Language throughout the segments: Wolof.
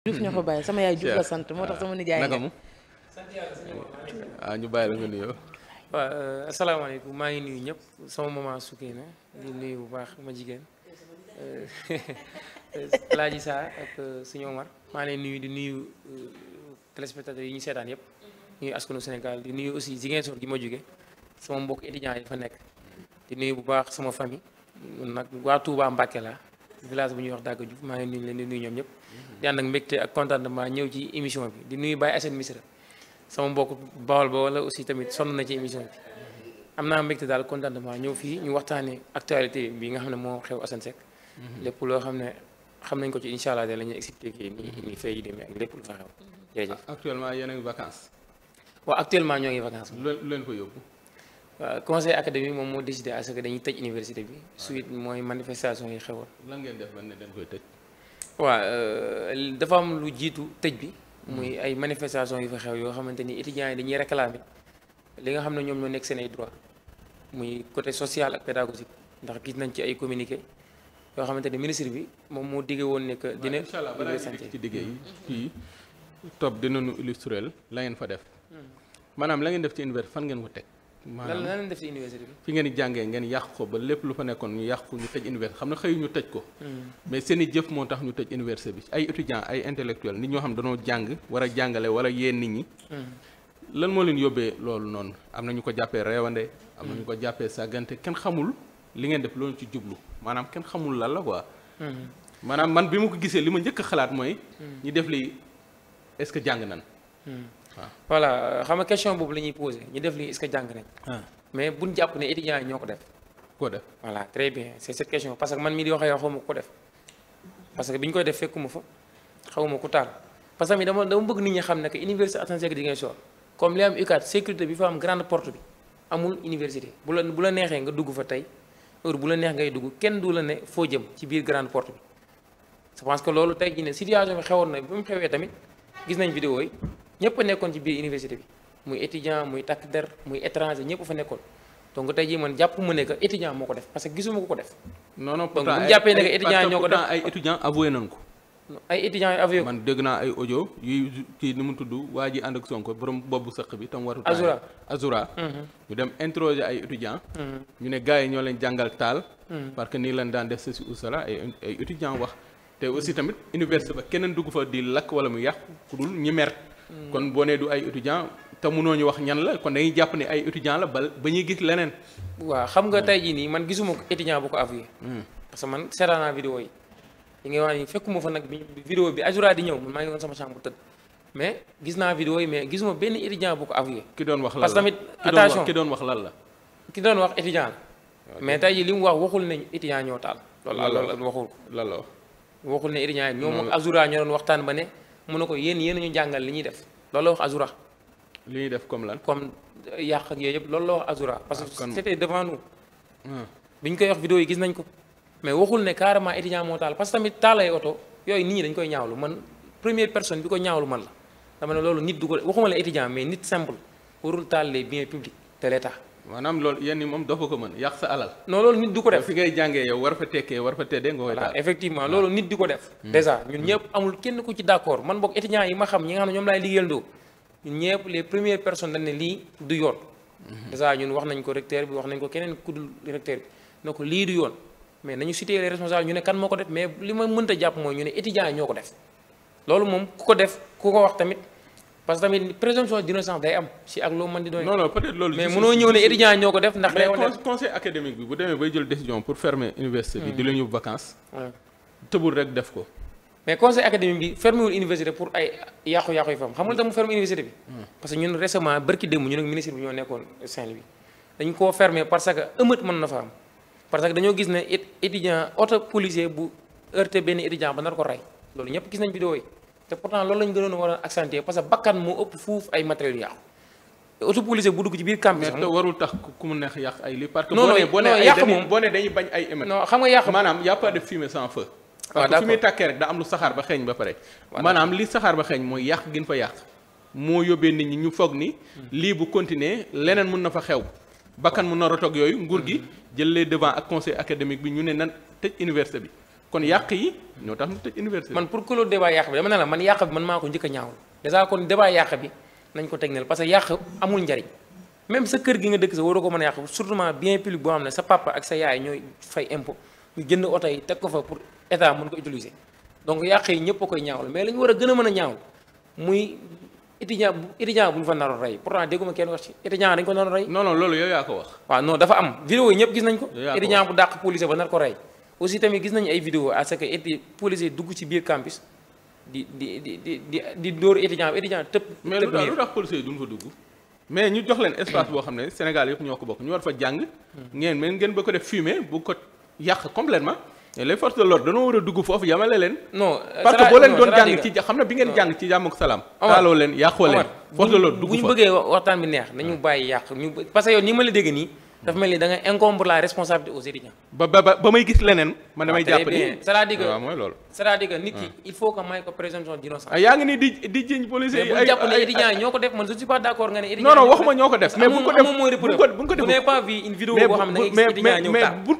Diouf ñoo ko bàyyi sama yaay Diouf la sant moo tax sama nijaay naka mu ah, ñu bàyyi la nga nuyoo waaw euh, asalaamaaleykum maa ngi nuyu ñëpp sama maman Soukeyna di nuyu bu baax ma jigéen euh, Laaji Sa ak euh, suñoo Omar maa leen nuyu di nuyu téléspectateurs yi ñu seetaan yëpp nuyu askanu Sénégal di nuyu aussi Ziguinchor gi ma jóge sama mbokk étudiants yi fa nekk di nuyu bu baax sama famille nag waa Touba Mbacke la village bu ñuy wax Daga Diouf maa ngi nuyu leen di nuyu ñoom ñëpp di ànd ak mbégte ak contentement ñëw ci émission bi di nuyu Baye Assane Misra sama mbokk Bawol ba wala aussi tamit sonn na ci émission bi am naa mbégte daal contentement ñëw fii ñu waxtaanee actualité bi nga xam ne moo xew Assane Seck mhm. lépp loo xam ne xam nañ ko ci incha allah de la ñuy expliqué ni ni mhm. fay yi demee ak lépp lu fa xew mhm. jërëjëf actuellement yéen a ngi vacances ñoo ngi vacances lu leen ko yóbbu waaw conseil académique moom moo décidé à ce que dañuy tëj université bi suite mooy manifestation yi xewoon lan ngeen def ba ne dañ koy tëj waa euh, dafa am lu jiitu tëj bi. muy mm-hmm. ay manifestations yu fa xew yoo xamante ni étudiants yi dañuy réclamer li nga xam ne ñoom ñoo nekk seen ay droit muy côté social ak pédagogique ndax gis nañ ci ay communiqué yoo xamante ni ministre bi moom moo diggee woon ne que. dina incha allah balaa ci diggee yi kii mm-hmm. topp dinañu illustrel la ngeen fa def. Mm-hmm. maanaam la ngeen def ci université fan ngeen ko teg. maanaam lan leen def ci université bi. ngeen di jàngee ngeen yàq ko ba lépp lu fa nekkoon ñu yàq ko ñu tëj université xam na xëy ñu tëj ko. Hmm. mais seeni jëf moo tax ñu tëj université bi ay étudiants ay intellectuels nit ñoo xam danoo jàng war a jàngale wala yéen nit ñi. Hmm. lan moo leen yóbbee loolu noonu am na ñu ko jàppee reewande. am na ñu ko jàppee sàggante kenn xamul li ngeen def loolu ci jublu maanaam kenn xamul lan la ko hmm. maanaam man bi ma ko gisee li ma njëkk xalaat mooy. ñi def lii est-ce que jàng nan. voilà xam nga question boobu la ñuy posé ñu def lii est-ce que jàng nañ. Ah. mais buñ jàpp ne étudiants yi ñoo ko def. koo def voilà très bien c'est cette question parce que man mii di wax ak yow ko def parce que bi ñu koy def fekkuma fa xaw ma ku taal parce que dama dama bëgg nit ñi xam ne que université Assane Seck Ziguinchor comme li am UCAD sécurité bi fa am grande porte bi amul université bu la bu la neexee nga dugg fa tey heure bu la neex ngay dugg kenn du la ne foo jëm ci biir grande porte bi je pense que loolu tey jii ne situation xewoon na bi xewee tamit gis nañ vidéo yi ñëpp nekkoon ci biir université bi muy étudiant muy takk der muy étranger ñëpp fa nekkoon donc tey jii man jàpp mu ne que étudiant moo ko def parce que gisuma ko ko def. non non pourtant donc bu ñu jàppee ne que étudiant ñoo ko ay étudiant avoué nañ ko. ay étudiants man dégg naa ay audio yuy kii nu mu tudd waa ji ànd ak Sonko borom boobu sëq bi tam warut. Azura mhm. ñu dem interroger ay étudiants. Mhm. ñu ne gars yi ñoo leen jàngal taal. Mhm. parce que nii lañ daan def ceci ou cela ay ay étudiants wax. te aussi tamit université ba keneen dugg fa di lakk wala mu yàq ku ñi mer. Mm. kon boo nee du ay étudiant te noo ñu wax ñan la kon dañuy jàpp ne ay étudiant la ba ba ñuy gis leneen. waa xam nga mm. tey jii nii man gisuma ko étudiant bu ko avoué. Mm. parce que man seetaan naa vidéo yi. yi ngay wax nii fekkuma fa nag bi vidéo bi ajura di ñëw man maa ngi woon sama chambre tëdd. mais gis naa vidéo yi mais gisuma benn étudiant bu ko avoué. ki doon wax la parce que tamit attention ki doon wax lan la. ki doon wax étudiant la. mais tey jii li mu wax waxul ne étudiant ñoo taal. loolu la loolu la waxul ne étudiant yi ñoom ak ajura ñoo doon waxtaan ba ne. mun ne ko yéen yéen ñu jàngal li ñuy def loolu la wax Azura. li ñuy def comme lan. comme yàq ak yooyu yëpp loolu la wax Azura. Ah, parce que c'était devant nous. Hmm. bi ñu koy wax vidéo yi gis nañ ko. mais waxul ne carrément étudiant moo taal parce que tamit taalay oto yooyu nit ñi dañ koy ñaawlu man première personne bi ko ñaawlu man la dama ne loolu nit dugal ko waxuma la mais nit simple warul taal bien biens publics de l'État maanaam lool yenn moom doo ko mën yàq sa alal. non loolu nit du ko def fi ngay jàngee yow war fa tekkee war fa teddee nga koy taal effectivement loolu nit di ko def. Hmm. dèjà ñun ñëpp amul kenn ku ci d' accord man boog étudiants yi ma xam ñi nga xam ne ñoom laay liggéeyandoo ñun ñëpp les premières personnes dañ ne lii du yoon. Hmm. dèjà ñun wax nañ ko recteur bi wax nañ ko keneen ku dul recteur bi ne ko lii du yoon mais nañu cité les responsables ñu ne kan moo ko def mais li ma mënta jàpp mooy ñu ko def loolu moom ku ko parce que tamit présomption d'innocence day am si ak loo mën di doon. non non loolu. mais mënoo ñëw ne étudiants ñoo ko def ndax. day conseil académique bi bu demee bay jël décision pour fermer université bi. xam nga tam parce que ñun récemment barki démb ñun ak ministre bi ñoo nekkoon Saint-Louis dañ koo fermé parce que ëmët mën na fa am parce que dañoo gis ne étudiant auto policier bu heurté benn étudiant ba nar ko rey loolu ñëpp gis nañ vidéo yi te pourtant loolu lañ gënoon war a accentuer parce que bakkan moo ëpp fuuf ay matériel yàqu auto bu dugg ci biir camp bi sax mais warul ku yàq li parce que boo nee boo nee yàq moom boo nee xam nga yàq maanaam y a pas de fumée sans feu ah, parce que fumée tàkkee rek da am lu saxaar ba xeeñ ba pare maanaam li saxaar ba xeeñ mooy yàq gën fa yàq moo yóbbee nit ñi ñu foog ni lii bu continuer leneen mën na fa xew bakkan mun na rotoog yooyu nguur gi mm-hmm. jël les devant ak conseil académique bi ñu ne nan te université bi kon yàq yi ñoo tax ñu tëj université. man pour que loolu débat yàq bi dama a ko teg que yàq amul njariñ même sa kër gi nga dëkk sa waroo ko mën a yàq surtout bien public boo xam ne sa papa ak sa yaay ñooy fay pour état mën ko utiliser yàq yi ñëpp a koy ñaawul mais la ñu war a gën a mën a ñaawul muy étudiant étudiant bu ñu fa naroon rey pourtant dégguma kenn wax ci étudiant dañ ko naroon rey. non loolu yow yaa ko wax. waaw non dafa am vidéo yi gis nañ ko. étudiant bu dàq police ba nar rey aussi tamit gis nañu ay vidéo à que éti policier dugg ci biir campus di di door di di di dóor étudiant étudiant tëb. mais lu tax lu tax policier yi duñ fa dugg. mais ñu jox leen espace boo xam ne Sénégal yëpp ñoo ko bokk ñu war fa jàng. ngeen mel ngeen ba ko def fumier bu ko yàq complètement les forces de l'ordre dañoo war a dugg foofu yamale leen. non parce boo leen doon jàng ci xam ne bi ngeen jàng ci jàmm ak salaam. taaloo leen yàqoo leen. force de l'ordre dugg fa bu ñu bëggee ni dafa mel ni nga incombre la responsabilité aux étudiants. ba ba ba may gis leneen. man damay ah, jàpp ni c'est-à-dire que ah, waaw mooy loolu. c'est-à-dire que nit ki ah. il faut que may ko présomption d'innocence. yaa ngi ni di di jiñ yi bu jàpp ne étudiants nga ne. étudiants non non waxuma ñoo ko def. mais bu ko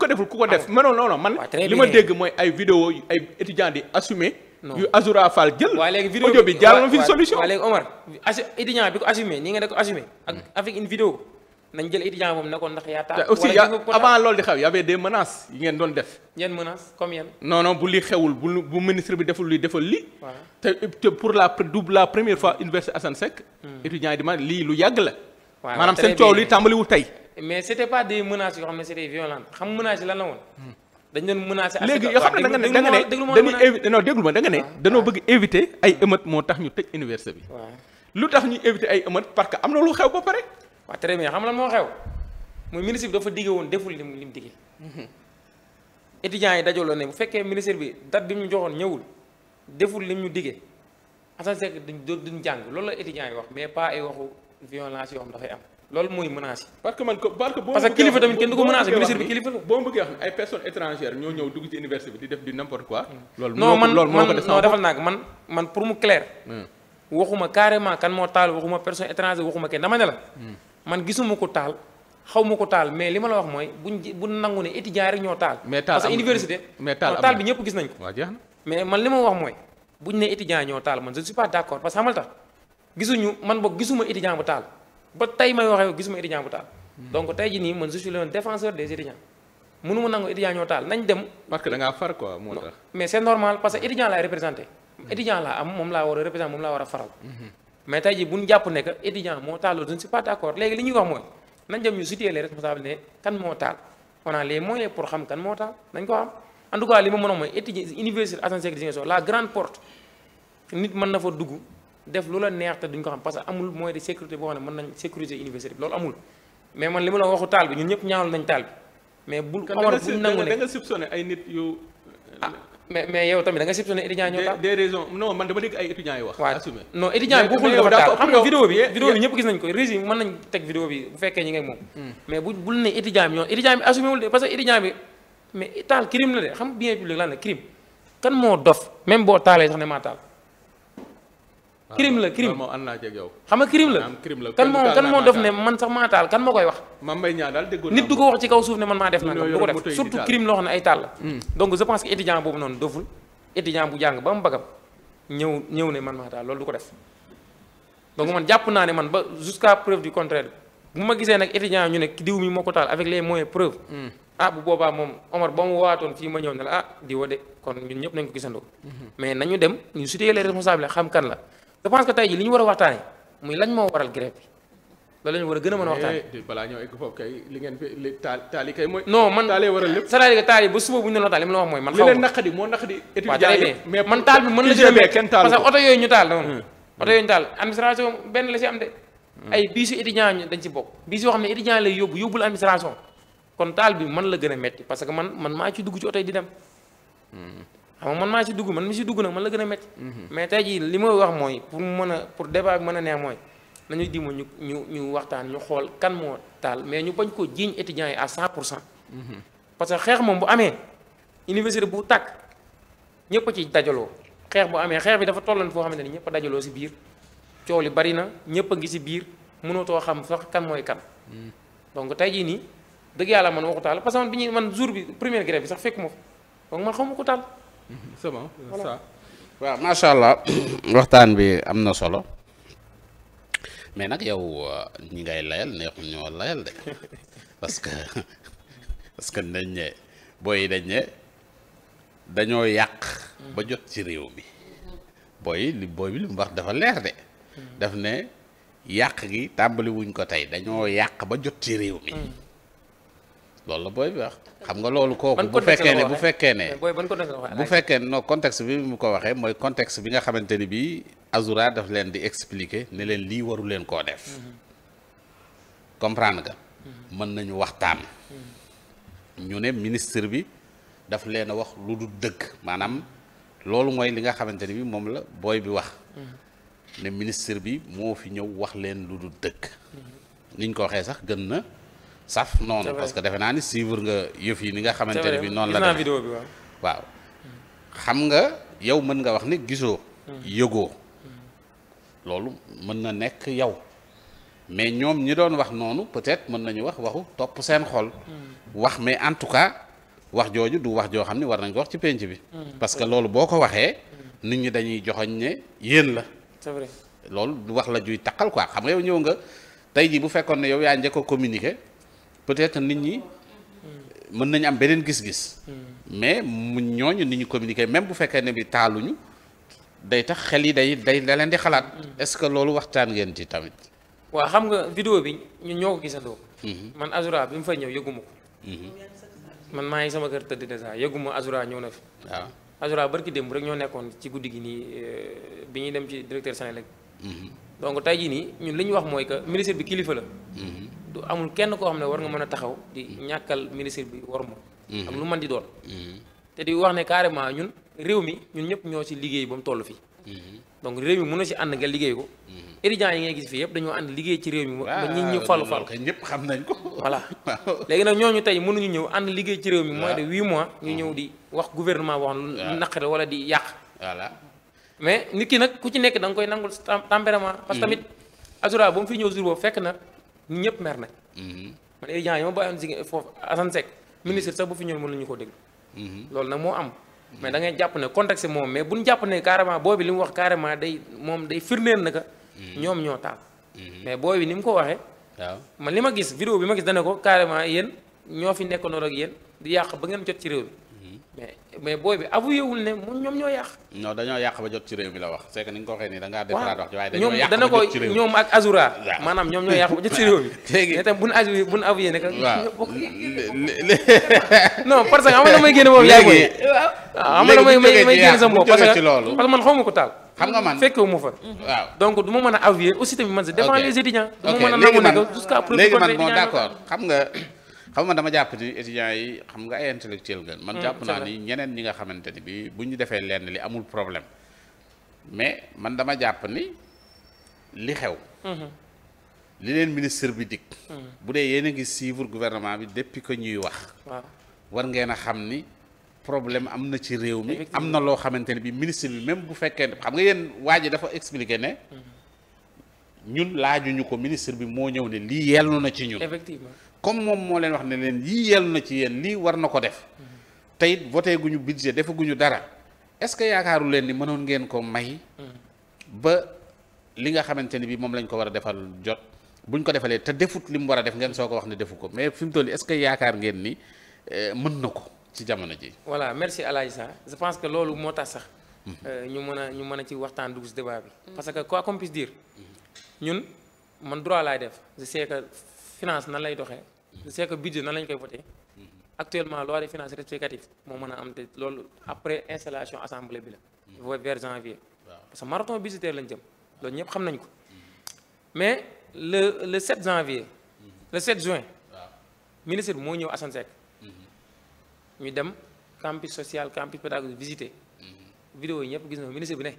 deful ku ko def. non non man li ma dégg mooy ay vidéo ay étudiants di assumer. yu Azoura Fall jël. waaye léegi vidéo fi solution. ak hmm. avec une vidéo nañ jël étudiant moom ne ko ndax yaa tax. aussi avant loolu di xew y avait des menaces yi ngeen doon def. yan bu lii xewul bu ministre bi deful luy defal lii. te pour la double la première fois université Assane Seck. Hmm. yi di ma lii lu yàgg la. waaw maanaam seen coow li tàmbaliwul tey. mais c' était pas des menaces yoo xam ne c' était xam menaces yi lan la woon. Hmm. dañ leen menacé. léegi yoo xam ne da nga ne déglu ma da ne danoo bëgg éviter ay ñu tëj université bi. lu tax ñu que am na lu xew waaw très bien xam lan moo xew muy ministre bi dafa digge woon deful lim lim digge mhm. étudiants yi dajaloo ne bu fekkee ministre bi date bi mu joxoon ñëwul deful lim ñu digge Assane Seck duñ duñ jàng loolu la étudiants yi wax mais pas ay waxu violence yoo xam dafay am loolu mooy menace parce parce que kilifa tamit kenn du ko menacé ministre bi kilifa la boo bëggee wax ay personnes étrangères ñoo ñëw dugg ci université bi di def du n'importe kan moo taal waxuma personne étrangère waxuma kenn dama ne la hmm. man gisuma ko taal xaw ma ko taal mais li ma la wax mooy buñ ji bu nangu ne étudiant rek ñoo taal. mais taal parce que université. mais taal bi ñëpp gis nañ ko. waaw jeex mais man li ma wax mooy buñ ne étudiant ñoo taal man je ne pas d' accord xamal tax gisuñu man boo gisuma étudiant bu taal ba tey may waxee gisuma étudiant bu taal. Hmm. donc tey jii nii man je suis le défenseur des étudiants. mënu nangu étudiant ñoo taal nañ dem. parce que da ngaa far quoi moo mais c' moom laa war a représenté a faral. Hmm. mais tey jii bu ñu jàpp ne que moo taaloo je ne suis d' accord léegi li ñuy wax mooy nañ dem ñu situer les responsables ne kan moo taal on a les moyens pour xam kan moo taal nañ ko am en tout cas li ma mën a mooy étudiant université Assane Seck Ziguinchor la grande porte fa dugg def lu la neex te duñ ko xam parce amul moyen de sécurité boo xam ne mën nañ sécuriser université bi loolu amul mais man li ma la waxu taal bi ñun ñëpp ñaawal nañ taal bi mais bul. amoon buñ nangu ne mais mais yow tamit da nga soupçonné étudiants ñoo tax. des raisons non man dama dégg dafa taal xam nga vidéo bi vidéo bi ñëpp gis nañ ko régime mën nañ teg vidéo bi bu fekkee ñi ngay moom hmm. mais bu bul ne étudiant bi ñoo étudiant bi assumé de parce que bi mais taal crime la de xam bien public lan la crime kan moo dof même boo taalee sax ne maa taal Ah, crime la crime moom ànd naa ci ak yow xam nga crime la kan moo kan moo def ne man sax maa taal kan moo koy wax nit du ko wax ci kaw suuf ne man maa def na du ko def surtout crime loo xam ne ay taal la hmm. donc je pense que étudiant boobu noonu doful étudiant bu jàng ba mu bagam ñëw ñëw ne man maa taal loolu du ko def donc man jàpp naa ne man ba jusqu'à preuve du contraire bu ma gisee nag étudiant ñu ne diw mi moo ko taal avec les moyens preuve hmm. ah bu boobaa moom Omar ba mu waatoon fii ma ñëw ne ah, kon ñun ñëpp nañ ko gisandoo hmm. mais nañu dem xam kan la je pense que tey jii li ñu war a waxtaane muy lañ moo waral grève bi loolu la ñu war a gën a mën a waxtaane eh, eh, balaa ñëw egg foofu kay li ngeen yi kay man taalee waral lépp taal yi ba suba bu ñu doon waxtaan li ma la wax mooy man xaw ma li leen man taal bi mën hmm. la la si am man hmm. la gën a metti parce que man man maa ci dugg ci oto yi di dem hmm. xam nga man maa ci dugg man mi ci dugg nag man la gën a métti. Mhm. mais tey jii li ma wax mooy pour mu mën a pour débat bi mën a neex mooy nañu dimbali ñu ñu ñu waxtaan ñu xool kan moo taal mais ñu bañ koo jiiñ étudiants yi à 100 pour cent. Mhm. parce que xeex moom bu amee université bu takk ñëpp a ci dajaloo xeex bu amee xeex bi dafa tollan foo xamante ne ñëpp a dajaloo si biir coow li bari na ñëpp a ngi si biir mënatoo xam sax kan mooy kan. Mhm. donc tey jii nii dëgg yàlla man waxu taal parce que man bi ñuy man jour bi première grève bi sax fekk ma c'est waaw macha allah waxtaan bi am na solo mais nag yow euh, ñi ngay layal neexul ñoo layal de parce que parce booy yi dañ ne dañoo yàq ba jot ci réew mi booy li booy bi li mu wax dafa leer de hmm. daf ne yàq gi tàmbaliwuñ ko tey dañoo yàq ba jot ci réew mi hmm. loolu la booy bi wax xam nga loolu kooku bu fekkee ne bu fekkee ne bu fekkee ne non contexte bi mu ko waxee mooy contexte bi nga xamante ni bii Azura daf leen di expliquer ne leen lii waru leen koo def mm-hmm. comprendre nga mm-hmm. mën nañu waxtaan mm-hmm. ñu ne ministre bi daf leen a wax lu du dëkk maanaam loolu mooy li nga xamante ni bi moom la booy bi wax ne ministre bi moo fi ñëw wax leen lu du dëgg niñ ko waxee sax gën na saf noonu parce que defe naa ni suivre nga yëf yi ni nga xamante ne bi noonu la def vidéo waaw xam nga yow mën nga wax ni gisoo hmm. yëgoo loolu mën na nekk yow mais ñoom ñi doon wax noonu peut-être mën nañu wax waxu topp seen xol hmm. wax mais en tout cas wax jooju du wax joo xam ni war nañ ko wax ci pénc bi hmm. parce que loolu boo ko waxee nit ñi dañuy joxoñ ne yéen la loolu du wax la juy taqal quoi xam nga yow ñëw nga tey jii bu fekkoon ne yow yaa njëkk a peut-être nit ñi mën nañu am beneen gis-gis. mais mu ñooñu nit ñu communiquer même bu fekkee ne bi taaluñu day tax xel yi day day da leen di xalaat. est-ce que loolu waxtaan ngeen ci tamit. waa xam nga vidéo bi ñun ñoo ko gisandoo. Mhm. man Azura bi mu fay ñëw yëguma ko. Mhm. man maa ngi sama kër tëdd dèjà yëguma Azura ñëw na fi. waaw Azura barki démb rek ñoo nekkoon ci guddi gi nii euh, bi ñuy dem ci directeur Sénélec. Mhm. donc tey jii nii ñun li ñu wax mooy que ministre bi kilifa la. Mhm. du amul kenn koo xam ne war nga mën a taxaw di ñàkkal ministre bi war ma am mhm. lu man di doon. Mhm. te di wax ne carrément ñun réew mi ñun ñëpp ñoo si liggéey ba mu toll fii. donc réew mi mun na si ànd nga liggéey ko. étudiants yi ngay gis fii yëpp dañoo ànd liggéey ci réew mi. ba ah, ñi ñu falu falu ñëpp xam nañ ko. voilà léegi nag ñoo ñu tey mënuñu ñëw ànd liggéey ci réew mi. waaw de huit mois ñu ñëw di wax gouvernement boo xam wala di yàq. voilà mais nit ki nag ku ci nekk danga koy nangul tempérament parce que mm-hmm. tamit Azura ba mu fi ñëw jour boobu fekk na ñëpp mer nañ. Mm-hmm. man étudiants yi ma bàyyoon si foofu Assane Seck ministre sax bu fi ñëw mën nañu ko dégg. Mm-hmm. loolu nag moo am. mais da ngay jàpp ne contexte moom mais bu ñu jàpp ne carrément boobi li mu wax carrément day moom day firndeel na ka. ñoom ñoo taal. mais boobi ni mu ko waxee. man li ma gis vidéo bi ma gis dana ko carrément yéen ñoo fi nekkandoor ak yéen di yàq ba ngeen jot ci réew mi. mais mais booy bi avoué wul ne mu ñoom ñoo yàq. non dañoo yàq ba jot ci réew mi la wax c'est que ni nga ko waxee nii da defaraat wax ji waaye dañoo yàq ba jot ci réew mi ñoom ak Azura. waaw maanaam ñoom ñoo yàq nga man fekkee mu fa. Mm-hmm. donc du ma a avoué aussi tamit man c'est devant les étudiants. ok léegi man a nangu ne que jusqu'à preuve contraire. léegi d'accord xam nga xam nga dama jàpp ni étudiants yi xam nga ay intellectuel gën man mm, jàpp naa ni ñeneen ñi nga xamante ni bi bu ñu defee lenn li amul problème mais man dama jàpp ni li xew mm-hmm. li leen ministre bi dikk mm. bu dee yéen a ngi suivre gouvernement bi depuis que ñuy wax war ngeen a xam ni problème am na ci réew mi am na loo xamante ne bi ministre bi même bu fekkee xam nga yéen waa ji dafa expliqué ne mm-hmm. ñun laajuñu ko ministre bi moo ñëw ne lii yellu na ci ñun effectivement comme moom moo leen wax ne leen yii yel na ci yéen lii war na ko def tey it voté guñu budget defaguñu dara est-ce que yaakaaru leen ni mënoon ngeen ko may ba li nga xamante ni bii moom lañ ko war a defal jot buñ ko defalee te defut li mu war a def ngeen soo ko wax ne defu ko mais fi mu toll nii est-ce que yaakaar ngeen ni eh, mën na ko ci jamono ji voilà merci Alaaji Sarr je pense que loolu moo tax sax euh, ñu mën a ñu mën a ci waxtaan dugg si débat bi parce que quoi qu'on puisse dire ñun man droit def finance nan lay doxee c'est que budget na lañ koy voté actuellement loi de finance rectificative moo mën a am te loolu après installation assemblée bi la mm-hmm. vers janvier parce que marathon budgétaire lañu jëm loolu ñëpp xam nañ ko mais le le 7 janvier mm-hmm. le 7 juin ministre bi moo ñëw Assane mm-hmm. ñu dem campus social campus pédagogique visité vidéo yi ñëpp gis na ministre bi ne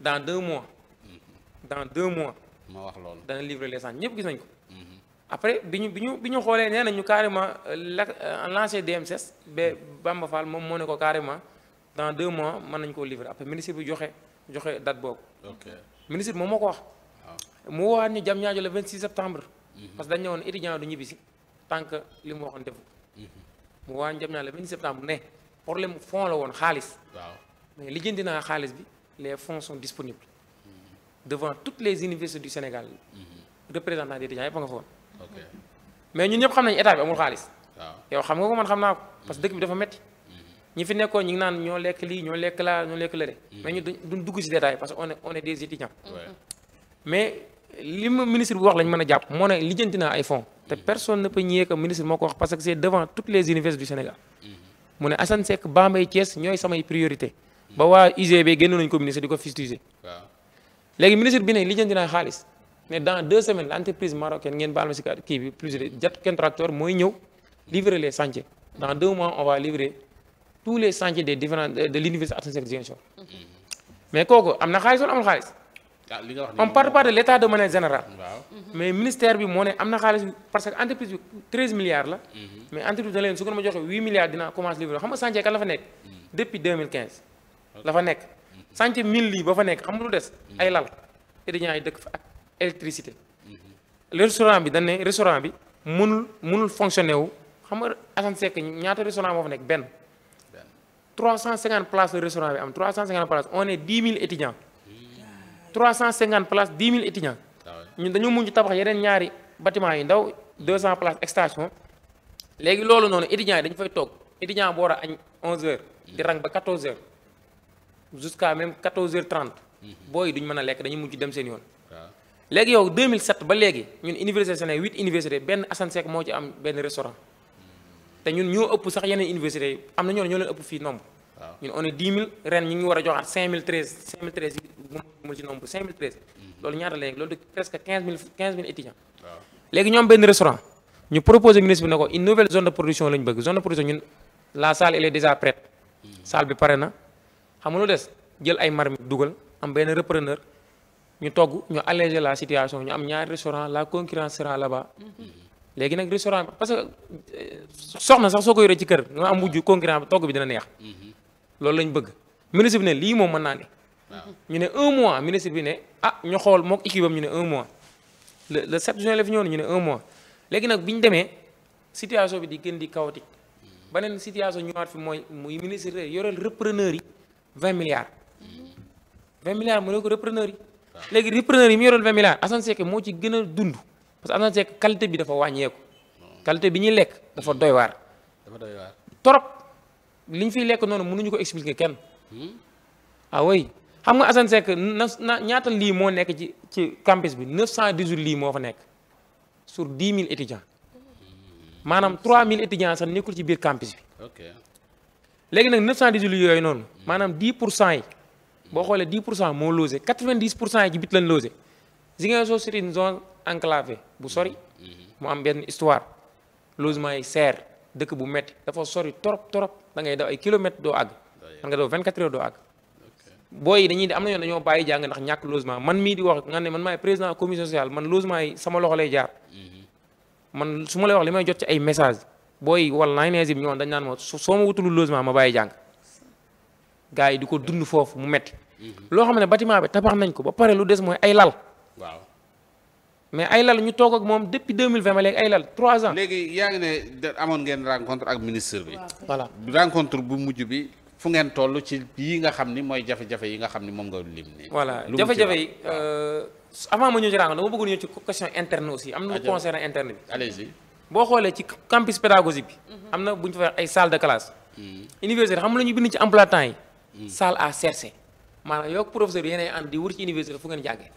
dans deux mois dans deux mois ma wax loolu dana livre les centres ñëpp gis nañ ko après bi ñu bi ñu bi ñu xoolee nee na ñu carrément euh, la euh, lancé DMCS ba Bamba Fall moom moo ne ko carrément dans deux mois mën nañ koo livrer après ministre bi joxe joxe date boobu. ok ministre moom moo ko wax. Ah. mu woowaat ñu jam la le 26 septembre. Mhm. parce que dañ ne woon étudiant du ñibbisi tant que li mu waxoon defu mhm. mu woowaat ñu jam ñaajo le 26 septembre ne problème fond la woon xaalis. waaw mais lijjanti naa xaalis bi les fonds sont disponibles. Mhm. devant toutes les universités Sénégal. représentants des étudiants mais ñun ñëpp xam nañ état bi amul xaalis. yow xam nga ko man xam naa ko mm-hmm. parce que dëkk bi dafa metti mm-hmm. ñi fi nekkoon ñi ngi naan ñoo lekk lii ñoo lekk laa ñoo lekk lële. Mm-hmm. mais dugg si détail parce que on est mais li ma ministre bi wax lañ mën a jàpp moo ne lijjanti naa ay fonds te personne ne peut nier que ministre moo ko wax parce que c'est devant toutes les universités du Sénégal. mu ne Assane Seck Bambey Thiès ñooy samay priorité ba waa UGB génn nañ ko ministre di ko fustiger. léegi ministre bi ne lijjanti naa xaalis. mais dans deux semaines l'entreprise marocaine ngeen baal ma si kii bi plus de jet contracteur mooy ñëw livrer deux mois on mais kooku am na xaalis wala amul xaalis. Ah, li nga de l'état de manière générale. mais ministère bi moo ne am na xaalis parce que entreprise bi 13 milliards la. Mhm. mais entreprise da leen su ko ma joxe 8 milliards dinaa commencé livrer xam nga chantier kan la fa nekk. Mhm. depuis 2015. la fa nekk mhm. chantier 1000 lii ba fa nekk xam nga lu des. ay lal électricité restaurant bi dañ ne restaurant bi mënul mënul fonctionner wu xam nga Assane Seck ñaata restaurant moo fa nekk benn cent 350 places restaurant bi am 350 places on est 10 000 cent 350 places 10 mille étudiants ah ñun dañu mujj tabax yeneen ñaari batiment yu ndaw cent place extension léegi loolu noonu étudiants yi dañu fay toog étudiant boo war a añ 11h di hmm. rang ba 14h jusqu'à même 14h30 hmm. booy duñ mën a lekk dañu mujj dem seen yoon. Ah. léegi yow 2007 ba léegi ñun université Sénégal huit université benn Assane Seck moo ci am benn restaurant te ñun ñoo ëpp sax yeneen université yi am na ñoo ñoo leen ëpp fii nombre. waaw ñun on est 10 ren ñu ngi war a joxaat 5013 5013 mu mu ci nombre 5013. Mhm. loolu ñaata léegi loolu de presque 15000 15000 étudiants. waaw léegi ñoom benn restaurant ñu proposé ministre bi ne ko une nouvelle zone de production la ñu bëgg zone de production ñun mhm. bi pare na xam nga lu des jël ay marmite dugal am benn repreneur. ñu togg ñu alléger la situation ñu am ñaari restaurant la concurrence sera là-bas léegi nag restaurant parce que euh, soxna sax soo ko yoree ci kër nga am wujju concurrent bi togg bi dina neex loolu lañ bëgg ministre bi ne lii moom mën naa ne ñu ne un mois ministre bi ne ah ñu xool moo équipe ñu ne un mois le le sept juin la fi ñëwoon ñu ne un mois léegi nag bi ñu demee situation bi di gën di kawati beneen situation ñëwaat fi mooy muy ministre yoreel repreneur yi vingt milliards mm-hmm. vingt milliards mu yi léegi repreneur yi mu yoroon 20 milliards Assane moo ci gën a dund parce que Assane Seck qualité bi dafa wàññeeku qualité bi ñuy lekk dafa doy waar. dafa doy trop liñ fiy lekk noonu mënuñu ko expliquer kenn. Hmm? ah oui xam nga Assane Seck na ñaata lii moo nekk ci ci campus bi 918 lii moo fa nekk sur 10 000 étudiants hmm. maanaam 3000 étudiants sax nekkul ci biir campus bi. ok léegi nag 918 yooyu noonu maanaam 10 pour cent yi. boo xoolee 10 pour cent moo logé 90 pour cent yi ci bit lañ logé Ziguinchor c'est une zone enclavée bu sori. Mhm. mu am benn histoire logement yi seer dëkk bu metti dafa sori torop torop da ngay daw ay kilomètres doo àgg. man nga daw 24 heures doo àgg. booy yi dañuy am na yoon dañoo bàyyi jàng ndax ñàkk logement man mii di wax nga ne man maay président commission sociale man logement yi sama loxo lay jaar. Mhm. man su ma lay wax li may jot ay message booy yi wallaahi ne si ñoom dañ naan ma soo ma wutul logement ma bàyyi jàng. gars yi di ko dund foofu mu metti mhm. loo xam ne batiment bi tabax nañ ko ba pare lu des mooy ay lal. waaw mais ay lal ñu toog ak moom depuis deux mille vingt ba trois ans. léegi yaa ngi ne amoon ngeen rencontre ak ministre bi. voilà rencontre bu mujj bi. fu ngeen toll ci yi nga xam ni mooy jafe-jafe yi nga xam ni moom nga lim nii. voilà jafe-jafe yi euh, avant ma ñëw ci rang dama bëggoon ñëw ci question interne aussi am na lu concerne interne bi. allez-y boo xoolee ci campus pédagogique bi. Mhm. am na bu ñu fa ay salle de classe. Mhm. université xam nga la ñuy bind ci emploi temps yi. salle à chercher maanaam yow professeur bi yéenay ànd di wër ci université fu ngeen jàggee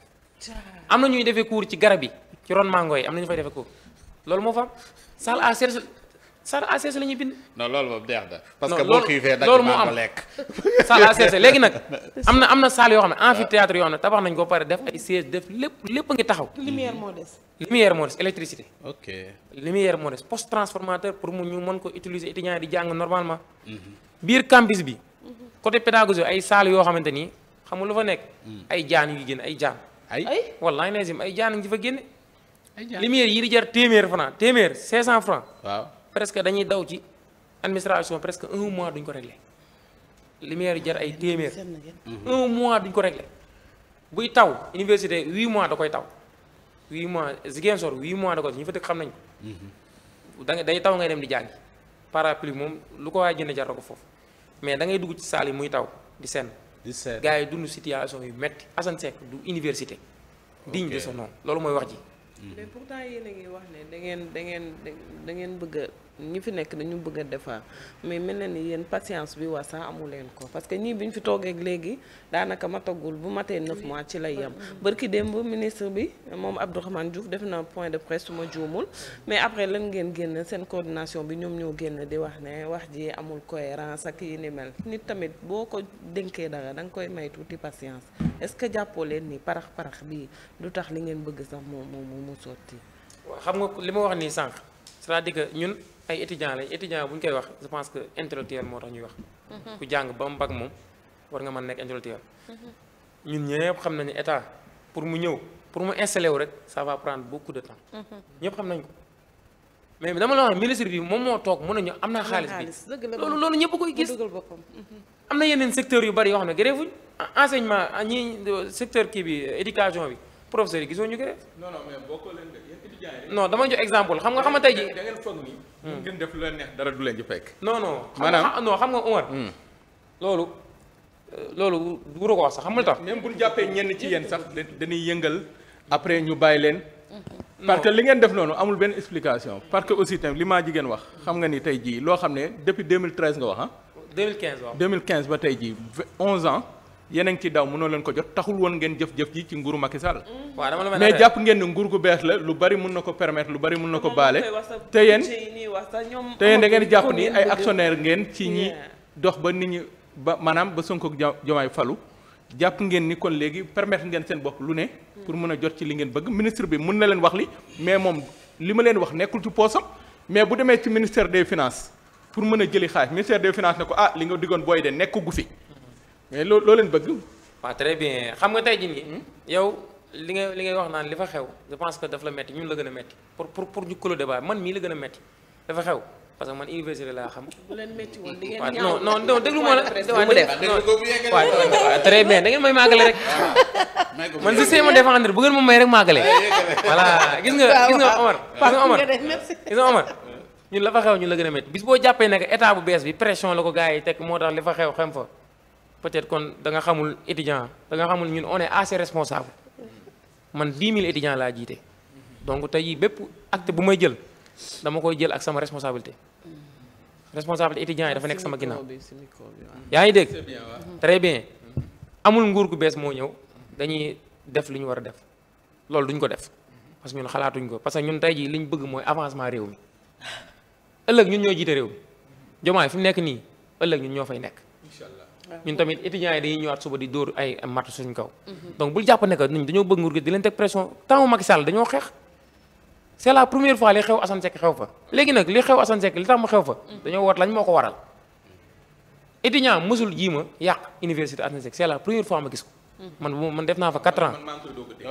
am na ñuy defee cours ci garab yi ci ron mango yi am na ñu fay defee cours loolu moo fa am salle à chercher salle à la ñuy bind. non loolu deex na. parce que boo xiifee dagg maa ko lekk salle à léegi nag am na am na salle yoo xam ne ah. amphithéâtre yoo xam ne tabax nañ ko pare def ay siège def lépp lépp ngi taxaw. lumière moo des. lumière moo des électricité. ok moo des poste transformateur pour mu ñu mën ko utiliser étudiants yi di jàng normalement. Mhm. biir campus bi. côté pédagogie ay saal yoo xamante ni xam nga lu fa nekk. Hmm. ay jaan yu génn ay jaan. ay wallaahi lazim ay jaan ñu fa génne. ay yi di jar téeméer franc téeméer 500 franc. waaw presque dañuy daw ci administration presque un mois duñ ko réglé. lumière yi jar ay téeméer. Mhm. un mois duñ ko réglé. buy taw université huit mois da koy taw. huit mois Ziguinchor huit mois da koy ñu fa dëkk xam nañ ko. Mhm. da ngay day taw ngay dem di jàngi parapluie moom lu ko waay jënd jar ko foofu. mais da ngay dugg ci saal yi muy taw di seen di yi dund situation yu metti Assane Seck du université ñu de son noon loolu mooy wax ji Mm-hmm. mais pourtant yéen a wax ne da ngeen da ngeen da ngeen bëgg ñi fi nekk dañu bëgg a defar mais mel na ni yéen patience bi war sax amu leen ko parce que ñii bi ñu fi toogee léegi daanaka matagul bu matee 9 mois ci lay yem. barki démb ministre bi moom Abdourahmane Diouf def na point de presse su ma juumul mais après lan ngeen génn seen coordination bi ñoom ñoo génn di wax ne wax ji amul cohérence ak yi ni mel nit tamit boo ko dénkee dara da nga koy may tuuti patience. est-ce que jàppoo leen ni parax parax bi du tax li ngeen bëgg sax moo moo moo sotti. waaw xam nga li ma wax nii sànq sa à dire ñun ay étudiants lañ étudiants bu ñu koy wax je pense que intellectuel moo tax ñuy wax. Mhm. ku jàng ba mu bag moom war nga mën nekk intellectuel. Mhm. ñun ñëpp xam nañu état pour mu ñëw pour mu installé wu rek sa va prendre beaucoup de temps. Mhm. ñëpp xam nañ ko. mais dama la wax ministre bi moom moo toog mën nañu am naa xaalis bi loolu loolu am na yeneen secteur yu bari yoo xam ne grève wuñ enseignement ñi secteur kii bi éducation bi professeurs yi gisoo ñu grève. non non mais bokkoo leen de dama jox exemple xam nga xam nga tey jii. da ngeen foog ni. Hmm. def leen neex dara du leen ci fekk. non non. maanaam xam nga Omar. Hmm. loolu loolu wuru ko wax sax xam nga tax. même bu ñu jàppee ñenn ci yéen sax dañuy yëngal hmm. après ñu bàyyi leen. parce que li ngeen def noonu amul benn explication parce que aussi tamit li maa jigéen wax xam nga ni tey jii loo xam ne depuis 2013 nga wax ah, 2015 waaw 2015 ba tey jii 11 ans yéen a ngi ci daw mënoo leen ko jot taxul woon ngeen jëf-jëf ji ci nguuru Macky Sall. Mm. waaw mais jàpp ngeen ne nguur gu bees la lu bari mun na ko permettre lu bari mun na ko baale. te yéen te yéen da ngeen jàpp ni ay actionnaire ngeen ci ñi dox ba nit ñi ba maanaam ba Sonko Diomaye falu. jàpp ngeen ni kon léegi permettre ngeen seen bopp lu ne. pour mën a jot ci li ngeen bëgg ministre bi mun na leen wax li mais moom li ma leen wax nekkul ci poosam mais bu demee ci ministère des finances pour mën a jëli xaalis ministère des finances ne ko ah li nga diggoon booy de nekk gu fi mais loo loo leen bëgg. waaw très bien xam nga tey jii nii. Hmm? yow li nga li ngay wax naan li fa xew je pense la metti ñun la gën a metti pour pour pour ñu ko débat man mii la gën a metti dafa xew. parce que man université laa xam. bu leen métti woon di ngeen non non non déglu ma la. waaw très bien da may màggale rek. man si see ma bu ngeen ma may rek màggale. voilà gis nga gis nga ñun la fa xew ñun la gën a métti bis boo jàppee nekk état bu bees bi pression la ko gars yi teg moo tax li fa xew xam fa peut-être kon da xamul étudiant da nga xamul ñun on est assez responsable man 10 000 étudiants laa jiite donc tey bépp acte bu may jël dama koy jël ak sama responsabilité responsabilité étudiant yi dafa nekk sama ginnaaw yaa ngi dégg très bien amul nguur gu bees moo ñëw dañuy def lu ñu war a def loolu duñ ko def parce que ñun xalaatuñ ko parce que ñun tey jii li ñu bëgg mooy avancement réew mi ëllëg ñun ñoo jiite réew mi jomaay fi mu nekk nii ëllëg ñun ñoo fay nekk ñun tamit étudiants yi dañuy ñëwaat suba di dóor ay matt suñ kaw mhm. donc bul jàpp ne que ñun dañoo bëgg nguur gi di leen teg pression temps Macky Sall dañoo xeex c'est la première fois li xew Assane xew fa léegi nag li xew Assane Seck li tax mu xew fa mhm. dañoo war lañ moo ko waral étudiant mësul jii ma yàq université Assane Seck c'est la première fois ma gis ko mhm. man man def naa fa 4 ans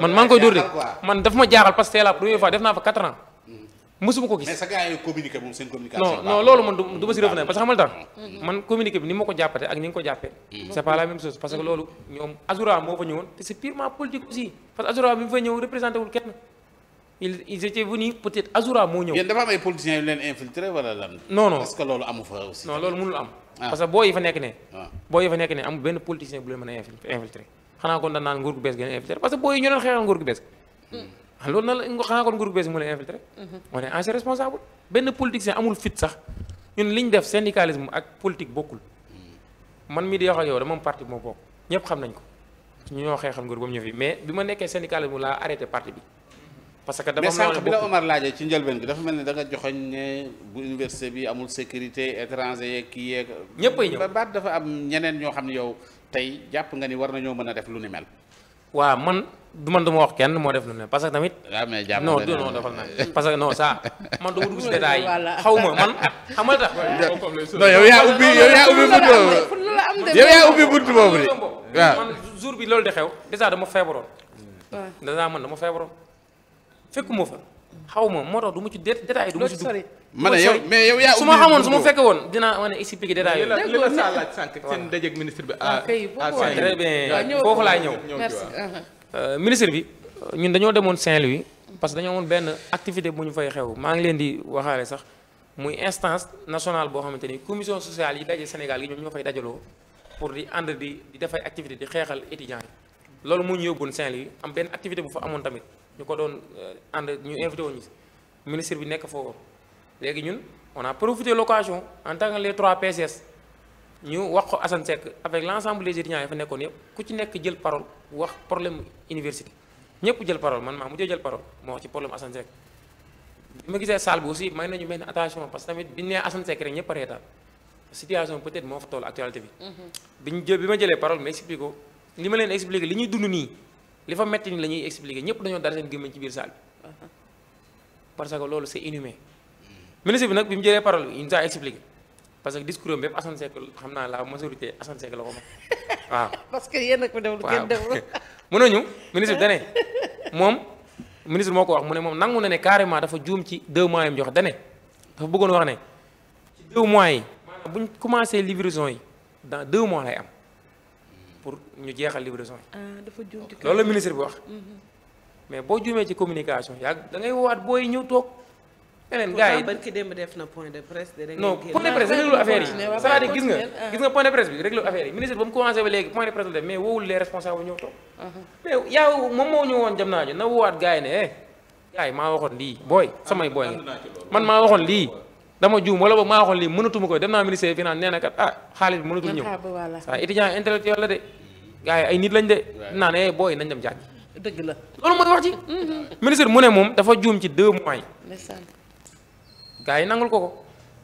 man maa de ma jaaxal parce que c'est la première fois mësuma ko gis. mais sa gars yi communiqué moom seen communication. non non loolu man du ma si revenir mm. bi mm. parce que loolu ñoom Azura moo fa ñëwoon te c' purement politique aussi parce que Azura moo ñëw. yéen dafa loolu amu am. Ah. parce que boo yi fa nekk ne. Ah. boo yi fa nekk ne amul benn politicien bu leen mën a infiltré. xanaa kon dañ naan nguur gu bees gi leen infiltré parce que boo yi ñoo doon xeexal nguur gu bees ah loolu na la xanaa kon nguur gu bees mu lay infiltré. Mhm. on est assez responsable benn politicien amul fit sax ñun li ñu def syndicalisme ak politique bokkul man mii di wax ak yow dama am parti moo bokk ñëpp xam nañ ko ñoo xeexal nguur ba mu ñëw fii mais bi ma nekkee syndicalisme laa arrêté parti bi. parce que dafa mel bi la Omar laajee ci njëlbeen bi dafa mel ni danga nga joxoñ ne bu université bi amul sécurité étranger yeeg kii yeeg. ñëpp ay ñëw baat dafa am ñeneen ñoo xam ne yow tey jàpp nga ni war nañoo mën a def lu mel. du man du ma wax kenn moo def lu ne parce que tamit. waaw mais jàmm non non defal naa parce que non man du ma dugg si détails yi xaw ma man xam nga tax. non yow yaa ubbi yow yaa ubbi bunt bi loolu di xew dèjà feebaroon. dèjà man dama feebaroon fekkuma fa. ma moo tax du ma ci du ma ci dugg. ma ne yow mais yow yaa ubbi su ma su ma fekke woon dinaa ma ministre bi. ah, ah, ah très bien foofu laay ñëw. Euh, ministre bi ñun dañoo demoon Saint-Louis parce que dañoo amoon benn activité bu ñu fay xew maa ngi leen di waxaale sax muy instance nationale boo xamante ni commission sociale yi daje Sénégal yi ñoom ñoo fay dajaloo pour di ànd di di def ay activité di xeexal étudiants yi loolu moo ñu yóbboon Saint-Louis am benn activité bu fa amoon tamit ñu ko doon euh, ànd ñu invité woon ñu ministre bi nekk foofu léegi ñun on a profité l'occasion en tant que les ñu wax ko Assane Seck avec l' ensemble des étudiants yi fa nekkoon yëpp ku ci nekk jël parole wax problème université ñëpp jël parole man maa mujjee jël parole moo wax ci problème Assane bi ma gisee salle bi aussi may nañu mel ni attention parce que tamit bi nee Assane rek ñëpp a reetaan situation peut moo fa toll actualité bi. Mhm. bi ma jëlee parole ma expliqué li ma leen expliqué li ñuy dund nii li fa metti nii la ñuy expliqué dañoo dara parce que discours am bépp Assane Seck la ko ma waaw. parce que yéen a ko déglu kenn déglu mënuñu ministre bi moom ministre moo ko wax mu ne moom nangu na ne carrément dafa juum ci deux mois yi mu joxe dane dafa bëggoon wax ne ci deux mois yi maanaam bu ñu commencé livraison yi dan deux mois lay am pour ñu jeexal livraison yi. Ah, dafa juum loolu la ministre bi wax. Mm-hmm. mais boo juumee ci communication yaa da ngay woowaat booy ñëw toog. beneen gars yi barki démb def na point de presse. non point de presse réglul affaire yi c'est-à-dire gis nga gis point de presse bi réglul affaire yi ministre ba mu commencé ba léegi mais wowul les responsables ñëw toog. Uh-huh. mais yaa moom moo ñu woon jam naa ñu na woowaat gars yi ne eh gars yi maa waxoon lii booy samay booy man maa waxoon lii dama juum wala boog maa waxoon lii mënatumu ko dem naa ministère des finances nee na kat ah xaalis bi mënatul la de naa ne eh, booy nañ dem jàngi dëgg la loolu mooy wax ci mm-hmm. ministre mu ne moom dafa juum ci deux mois yi gars yi nangul ko ko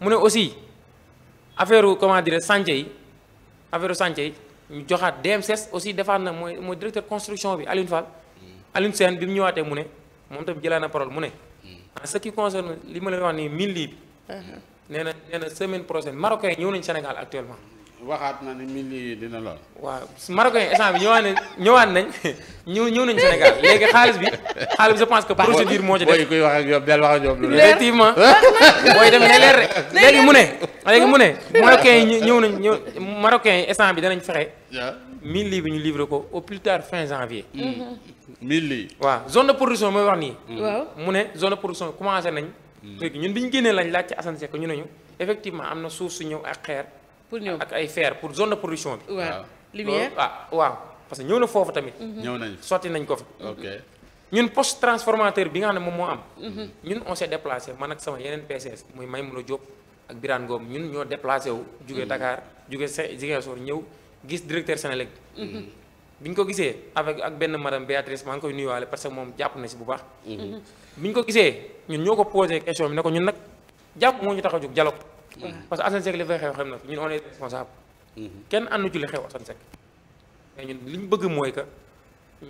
mu ne aussi affaire comment dire chantier yi affaire chantier yi ñu joxaat DMCS aussi defaat na mooy mooy directeur construction bi Alioune Fall hmm. Alioune Sène bi mu ñëwaatee mu ne moom tam jëlaat na parole mu ne hmm. en ce qui concerne li ma la wax nii mille lii bi uh-huh. nee na nee na semaine prochaine marocain ñëw nañu Sénégal actuellement waxaat na ne milliers yi dina lool. waaw marocain instant bi ñëwaat nañ ñëwaat nañ ñëw ñëw nañ Sénégal léegi xaalis bi xaalis bi je pense que procédure moo ci def. booy kuy wax ak yow del wax effectivement booy leer rek. léegi mu ne léegi mu ne marocain yi ñëw nañ ñëw marocain yi bi danañ fexe. mil lii bi ñu livré ko au plus tard fin janvier. Mm. Mm. mille waaw zone de production mooy wax nii. Mm. waaw ne zone de production commencé nañ. léegi ñun bi ñu génnee lañ laaj ci Assane Seck ñu a ñu effectivement am na suuf su ñëw ak xeer. pour ñoom ak ay fer pour zone de production bi. waaw lumière ah, waaw parce que ñëw na foofu tamit. Mhm. ñëw nañ sotti nañ ko fi. ok ñun poste transformateur bi nga xam ne moom moo am. Mhm. ñun on s'est man ak sama yeneen PCS muy Maymouna Diop ak Birane Ngom ñun ñoo déplacé wu. jugee mhm. Dakar jugee Ziguinchor ñëw gis directeur Sénélec. bi ñu ko gisee avec ak benn madame Béatrice maa ngi koy nuyuwaale parce que moom jàpp na si bu baax. bi ñu ko gisee ñun ñoo ko posé question bi ne ko ñun nag jàpp a parce que Assane Seck li fay xew xam na ñun on responsable. Mm-hmm. kenn àndu ci li xew Assane Seck. mais ñun li ñu bëgg mooy que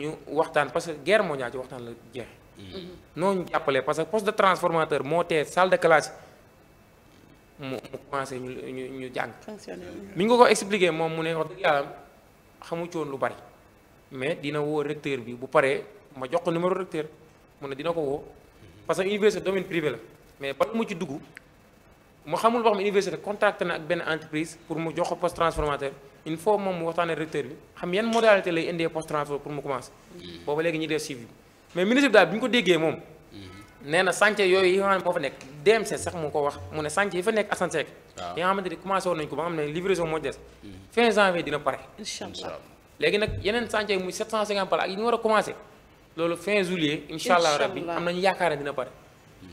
ñu waxtaan parce que guerre mondiale ci waxtaan la jeex. Mm-hmm. noonu jàppale parce que poste de transformateur moo tee salle de classe mu mu commencé ñu ñu ñu jàng. mi nga ko expliqué moom mu ne wax dëgg yàlla xamu ci woon lu bari. mais dina woo recteur bi bu paree ma jox ko numéro recteur mu ne dina ko woo mm-hmm. parce que université domaine privé la mais bala mu ci dugg. mu xamul boo xam université contacté na ak benn entreprise pour mu jox ko poste transformateur il faut moom mu waxtaanee recteur bi xam yan modalité lay indee poste transformateur pour mu commencer. Hmm. booba léegi moom. Hmm. nee na chantier yooyu fa nekk DMC sax ko wax mu ne chantier yi fa nekk Assane Seck. waaw yi nga xamante ni commencé woon nañu ko ba nga hmm. nag yeneen chantier yi muy 750 pala ak yi ñu war a commencé loolu fin juillet. incha allah rabbi am nañu yaakaar ne dina pare.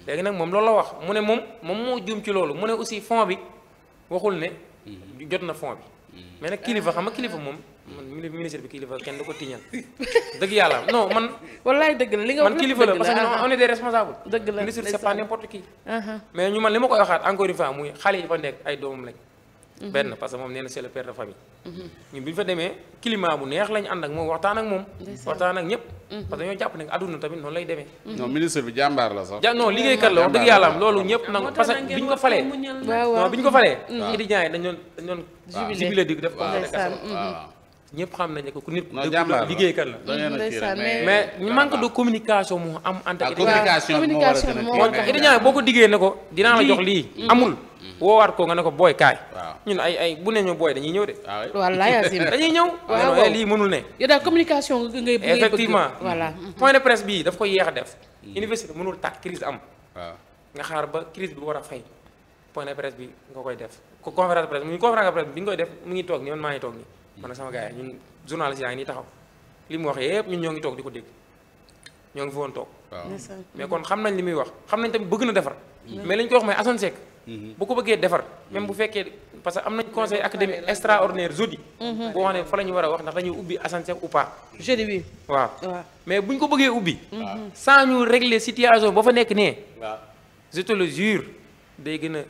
léegi nag moom loolu la wax mu ne moom moom moo juum ci loolu mu ne aussi fond bi waxul ne jot na fond bi mais nag kilifa xam nga kilifa moom man ministre bi kilifa kenn du ko tiñal dëgg yàlla non man. wallaay dëgg la li nga man kilifa la parce que on est des responsables. dëgg la ministre c'est pas n'importe qui. mais ñu man li ma koy waxaat encore une fois muy xale yi fa nekk ay doomam lañ. Mhm. benn parce que moom nee na c'est de famille. Mhm. ñun bi ñu fa demee climat bu neex lañu ànd ak moom waxtaan ak moom. waxtaan ak ñëpp. Mhm. parce que dañoo jàpp ne àdduna tamit noonu lay demee. non ministre la sax. ja non liggéeykat la wax dëgg yàlla am loolu ñëpp nangu parce que bi ñu ko falee. non bi ko falee. étudiants yi dañu doon dañu doon jubilé di def. waaw ñëpp xam nañ ne ko nit. liggéey jàmbaar la. mais manque de communication moo am. entre communication moo war a gën ko diggee ne ko dinaa la jox lii mm-hmm. amul. Mm-hmm. woowaat ko nga ne ko booy kaay. ñun ay ay booy dañuy ñëw de. Ah wallaay Azim dañuy ñëw. lii mënul ne. yow daal communication nga ngay bëgg effectivement voilà. Mm-hmm. point de daf ko yéex a def. université mënul tax crise am. nga xaar ba crise bi war a fay. point de presse ko de presse mu ngi bi nga koy def mu ngi toog nii man maa ngi toog nii man sama gars yi ñun journaliste yaa ngi nii taxaw li mu wax yëpp ñun ñoo ngi toog di ko dégg ñoo ngi fa toog. mais kon xam nañ li muy wax xam nañ tamit bëgg na defar. Mm-hmm. mais li ñu wax mooy Assane mm-hmm. bu ko bëggee defar. Mm-hmm. même bu fekkee parce que am nañ conseil académique extraordinaire jeudi. boo xam ne fa la war a wax ndax dañuy ubbi Assane Seck ou pas. jeudi mais bu ñu ko bëggee ubbi. sans ñu régler situation ba fa nekk nee. je te le jure day gën a.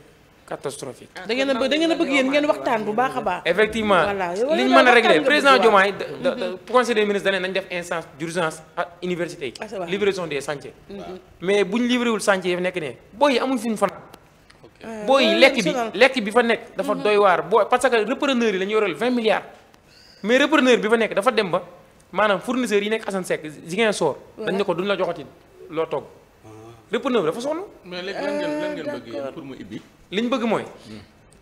catastrophique. da ngeen a da ngeen a bëgg yéen ngeen waxtaan bu baax a baax. effectivement li ñu mën a régler président Diomaye mm-hmm. conseil des ministres dañu def instance d'urgence à université yi. livraison ah, des chantiers. Mm-hmm. mais bu ñu livré wul chantier yi nekk ne booy yi amuñ fu ñu fan. Euh, booy yi lekk bi lekk bi fa nekk dafa mm-hmm. doy waar boo parce que repreneur yi la ñu yoral vingt milliards. mais repreneur bi fa nekk dafa dem ba maanaam fournisseur yi nekk Assane Seck Ziguinchor. dañ ne ko duñ la joxati loo togg. Ah. repreneur bi dafa sonn. mais léegi li ñu bëgg mooy.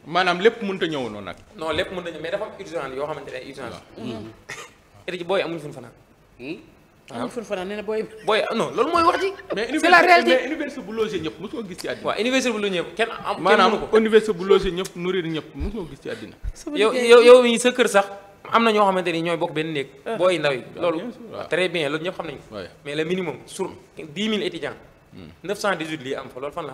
maanaam lépp mënut a ñëw noonu nag. non lépp mun a ñëw mais dafa am urgence yoo xamante ne ay urgence. Mm-hmm. et ci booy amuñu fu hmm? mooy wax ji. c'est ñëpp mosoo gis ci àddina. waaw université bu logé ñëpp kenn am kenn mënu ko. université bu logé ñëpp nourrir ñëpp mosoo gis ci yi am na ñoo xamante ni ñooy bokk benn néeg ah. booy ndaw yi loolu très bien loolu ñëpp xam nañu mais le minimum sur dix mille étudiants hmm. neuf cent dix-huit lii am fa loolu fan la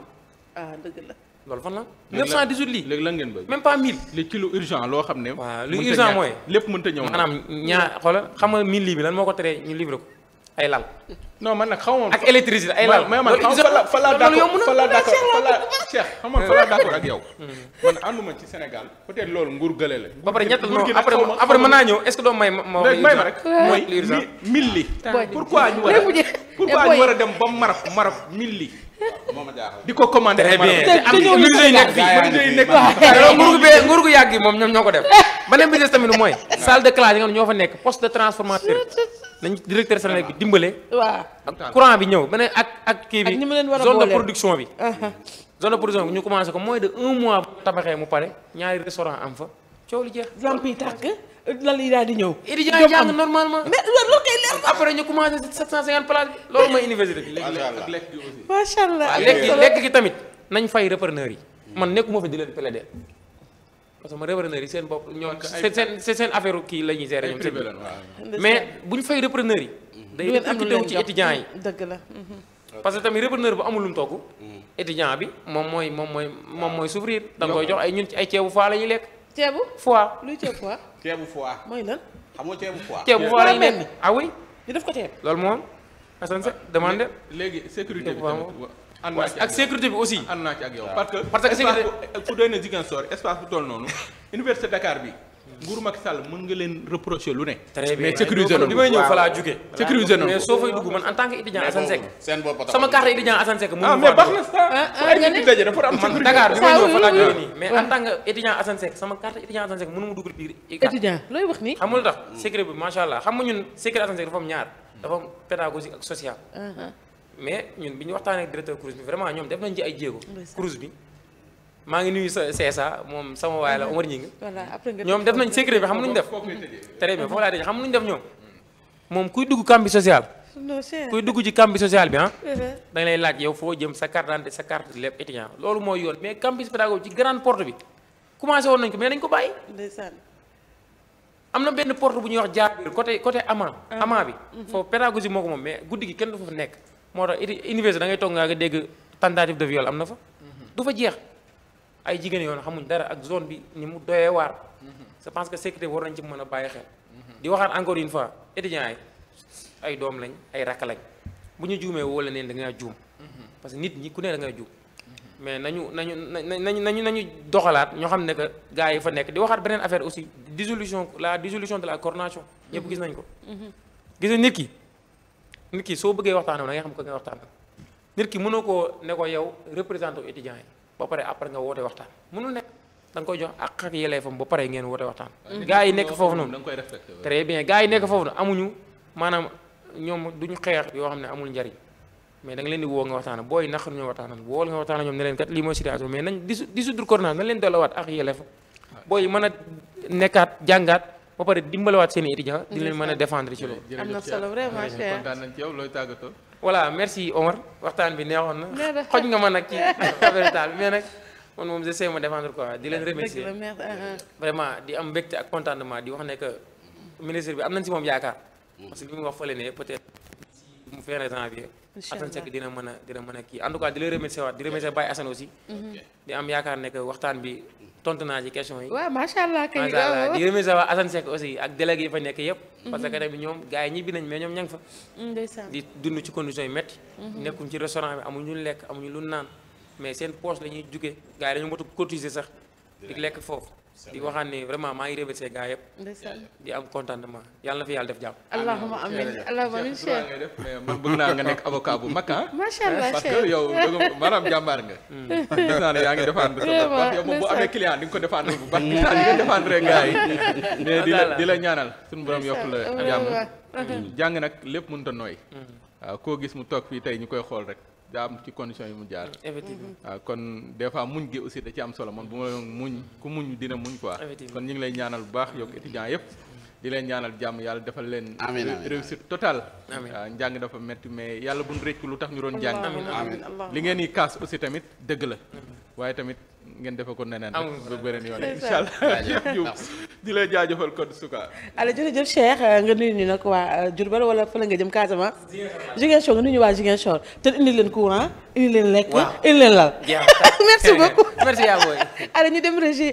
am ah, loolu fan la. 918 lii léegi lan ngeen bëgg. même pas 1000. li kilo urgent loo xam ne. waaw li urgent mooy lépp mënta ñëw. maanaam ñaar xoola xam nga 1000 lii bi lan moo ko teree ñu livré ko ay lal. ma. ak électricité ay lal man man fa la fa la d'accord fa la d'accord fa la Cheikh xam nga fa la d'accord ak yow. Mm-hmm. man ànduma ci Sénégal peut-être loolu nguur gële la. ba pare ñettal non après après mën naa ñëw est-ce que doo may ma ma. may ma rek li. pourquoi ñu war dem ba maraf maraf 1000 li di ko commandé. très bien te ñëw ñu nguur gu nguur gu yàgg yi moom ñoom ñoo ko def. beneen bi des tamit mooy. salle de classe yi nga ñoo fa nekk poste de transformateur. nañ directeur Sénégal bi dimbale. courant bi ñëw beneen ak ak kii bi zone de production bi. Uh-huh. zone de production bi ñu commencé ko mooy de un mois bu tabaxee mu pare ñaari restaurant am fa coow li jeex. lan yi daal di ñëw. étudiant yi jàng normalement. mais loolu loolu kay leer na. après ñu commencé 750 tamit nañ fay repreneur yi. man nekkuma fi di leen plaider. parce que ma repreneur yi seen bopp ñoom seen seen kii la ñuy gérer ñoom seen mais bu ñu fay repreneur yi. day def activité wu ci mm, dëgg la. Mm-hmm. parce que tamit repreneur bu amul lu mu togg. Mm. étudiant bi moom mooy moom mooy moom ah. mooy souffrir. da nga koy jox ay ñun ci ay ceebu foie la ñuy lekk. ceebu fois luy ceebu foie. ceebu foie. mooy lan xam nga ceebu foie. ceebu foie lañu ah ñu def ko ceeb loolu moom. asan demande. léegi sécurité bi ànd naa ci ak sécurité bi aussi. ànd naa ci ak yow parce que. parce que sécurité ku doy na Ziguinchor espace bu noonu. Université Dakar bi. nguur Macky Sall mën nga leen reprocher lu ne. très bien mais sécuriser ah, nañu euh, euh, bi may ñëw fa laa jugee. sécuriser nañu man en tant may ñëw fa laa jugee nii mais en tant que étudiant Assane Seck sama carte dugg biir. étudiant looy wax nii. xamul tax secret bi macha allah xam nga ñun secret Assane dafa am ñaar dafa am social. Uh-huh. mais ñun bi ñu waxtaanee directeur CROUS bi vraiment ñoom def nañ ci ay jéego CROUS bi maa ngi nuyu sa CSA moom sama waay la Omar Gningue. ñoom def nañ secret bi xam nuñ def. très bien foofu laa tëjee xam nuñ def ñoom. moom kuy dugg camp bi social. kuy dugg ci camp social bi ah. Uh-huh. dañ lay laaj yow foo jëm sa carte d'identité sa carte lépp étudiant loolu mooy yoon mais campus pédagogique ci grande porte bi commencé woon nañ ko mais dañ ko bàyyi. am na benn porte bu ñuy wax jaar biir côté côté ama uh-huh. ama bi. Uh-huh. foofu pédagogie moo ko moom mais guddi gi kenn du fa nekk moo tax université da ngay toog nga dégg tentative de viol am na fa. du fa jeex. ay jigéen yoon xamuñ dara ak zone bi ni mu doyee waar. je pense que sécurité war nañ ci mën a bàyyi xel. di waxaat encore une fois étudiants yi ay doom lañ ay rakk lañ bu ñu juumee woo la neen da ngaa juum. parce que nit ñi ku ne da ngaa juum. mais nañu nañu nañu nañu nañu doxalaat ñoo xam ne que gars yi fa nekk di waxaat beneen affaire aussi dissolution la dissolution de la coordination. ñëpp gis nañ ko. gis nit ki nit ki soo bëggee waxtaanam da ngay xam ko ngay waxtaanam nit ki mënoo koo ne ko yow représentant étudiants yi. ba pare après nga woote waxtaan mënul nekk da nga koy jox ak ak yeleefam ba pare ngeen woote waxtaan. Mm-hmm. gaa yi nekk foofu noonu da nga koy respecté très bien gaa yi nekk foofu noonu amuñu maanaam ñoom duñu xeex yoo xam ne amul njariñ mais da nga leen di woo nga waxtaan booy naqar ñoo waxtaanal wool nga waxtaan ñoom ne leen kat lii mooy situation mais nañ disu dissoudre corona nañ leen delloowaat ak yeleefam booy mën a nekkaat jàngaat. ba pare dimbaliwaat seen i étudiants di leen mën voilà merci Omar waxtaan bi neexoon na. xoj nga ma nag ci affaire taal mais nag man moom j'essaie ma défendre quoi di leen remercier ah, ah. vraiment di am mbégte ak contentement di wax ne que ministre bi am nañ si moom yaakaar. Mm. parce que li mu wax fële ne peut-être mu fexe temps bi. Assane Seck dina mën a dina mën a kii en tout cas di la remercier waat di remercier Baye Assane aussi mhm. di am yaakaar ne waxtaan bi tontu naa ci question yi waaw macha allah kay macha allah di remercier waat Assane Seck aussi ak délégué yi fa nekk yëpp mhm. parce que tamit ñoom gars yi ñibbi nañ mais ñoom ña ngi fa mm, di dund ci conditions yi métti mhm. nekkuñ ci restaurant bi amuñu lu lekk amuñu lu naan mais seen poche la ñuy jugee gars yi dañu matu cotiser sax di lekk foofu di waxaan ni vraiment maa ngi remercier gaa yëpp. di am contentement yàlla na fi yàlla def jàmm. allahumma amiin allahumma amiin Cheikh nekk avocat bu mag ah. Hmm. parce que yow dëgg maanaam jàmbaar nga. gis naa moom bu amee client di nga ko défendre bu baax gis naa ni nga gaa yi. mais di la di la ñaanal suñu borom yokk la jàmm. jàng nag lépp mënta a nooy. Hmm. waaw koo gis mu toog fii tey ñu koy xool rek. daa am ci condition yi mu jaar. effectivement waaw mm-hmm. ah, kon des muñ gi aussi da ci am solo bu ma la muñ ku muñ dina muñ quoi. kon ñu ngi lay ñaanal bu baax yow étudiants yëpp. di leen ñaanal jàmm yàlla defal leen. amiin réussite totale. Ah, njàng dafa métti mais yàlla bu ñu rëccu lu tax ñu doon njàng. amiin li ngeen di kaas aussi tamit dëgg la waaye tamit. ngeen defe ko neneen ba beneen yoon incha allah di la jaajëfal kon suka ala jërëjëf Cheikh euh, nga nuyu ñu nag waa euh, Diourbel wala fële nga jëm Casamance Ziguinchor nga nuyu ñu waa Ziguinchor te indi leen courant indi leen lekk indi leen lal merci beaucoup merci yaa booy ñu dem régie